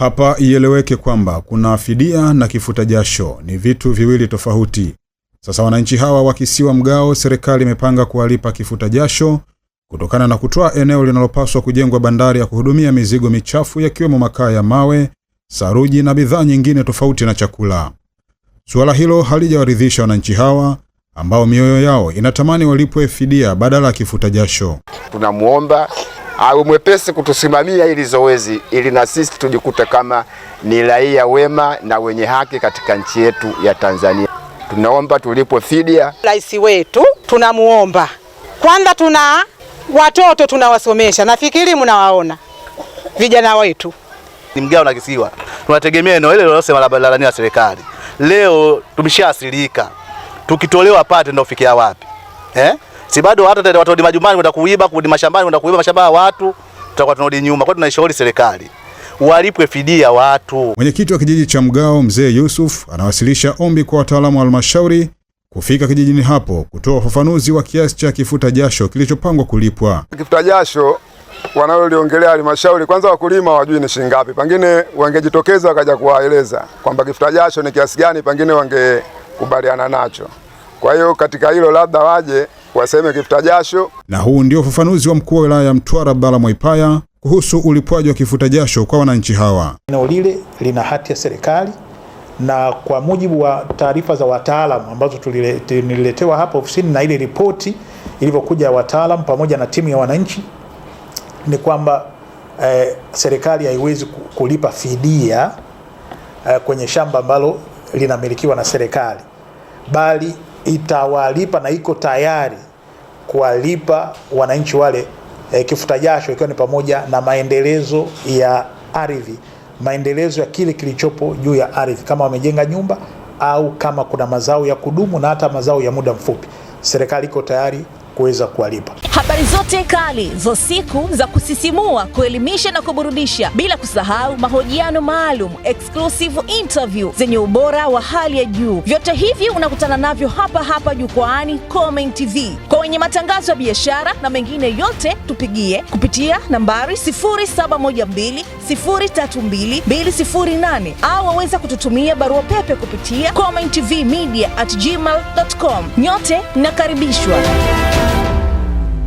Hapa ieleweke kwamba kuna fidia na kifuta jasho ni vitu viwili tofauti. Sasa wananchi hawa wa kisiwa Mgao, serikali imepanga kuwalipa kifuta jasho kutokana na kutoa eneo linalopaswa kujengwa bandari ya kuhudumia mizigo michafu yakiwemo makaa ya mawe, saruji na bidhaa nyingine tofauti na chakula. Suala hilo halijawaridhisha wananchi hawa ambao mioyo yao inatamani walipwe fidia badala ya kifuta jasho. Tunamwomba awe mwepesi kutusimamia ili zoezi, ili na sisi tujikute kama ni raia wema na wenye haki katika nchi yetu ya Tanzania. Tunaomba tulipo fidia, rais wetu tunamuomba kwanza, tuna watoto tunawasomesha, nafikiri mnawaona vijana wetu ni mgao na kisiwa, tunategemea eneo ile lilosema barabarani la serikali. Leo tumeshaasirika tukitolewa pate ndio fikia wapi eh? Si bado watu majumbani kwenda kuiba, kurudi mashambani kwenda kuiba mashamba ya watu, tutakuwa tunarudi nyuma. Kwa hiyo tunaishauri serikali walipwe fidia watu. Mwenyekiti wa kijiji cha Mgao Mzee Yusuf anawasilisha ombi kwa wataalamu wa halmashauri kufika kijijini hapo kutoa ufafanuzi wa kiasi cha kifuta jasho kilichopangwa kulipwa. Kifuta jasho wanaloliongelea halmashauri, kwanza wakulima wajui ni shilingi ngapi, pengine wangejitokeza wakaja kuwaeleza kwamba kifuta jasho ni kiasi gani, pengine wangekubaliana nacho. Kwa hiyo katika hilo labda waje waseme kifuta jasho. Na huu ndio ufafanuzi wa mkuu wa wilaya ya Mtwara Bala Mwaipaya kuhusu ulipwaji wa kifuta jasho kwa wananchi hawa. Eneo lile lina hati ya serikali na kwa mujibu wa taarifa za wataalamu ambazo tuliletewa hapa ofisini na ile ripoti ilivyokuja wataalamu pamoja na timu ya wananchi ni kwamba eh, serikali haiwezi kulipa fidia eh, kwenye shamba ambalo linamilikiwa na serikali bali itawalipa na iko tayari kuwalipa wananchi wale e, kifuta jasho, ikiwa ni pamoja na maendelezo ya ardhi, maendelezo ya kile kilichopo juu ya ardhi, kama wamejenga nyumba au kama kuna mazao ya kudumu na hata mazao ya muda mfupi, serikali iko tayari kuweza kuwalipa. Habari zote kali za siku za kusisimua, kuelimisha na kuburudisha, bila kusahau mahojiano maalum, exclusive interview zenye ubora wa hali ya juu, vyote hivi unakutana navyo hapa hapa jukwaani Khomein TV wenye matangazo ya biashara na mengine yote, tupigie kupitia nambari 0712032208 au waweza kututumia barua pepe kupitia Khomein media at gmail.com. Nyote nakaribishwa.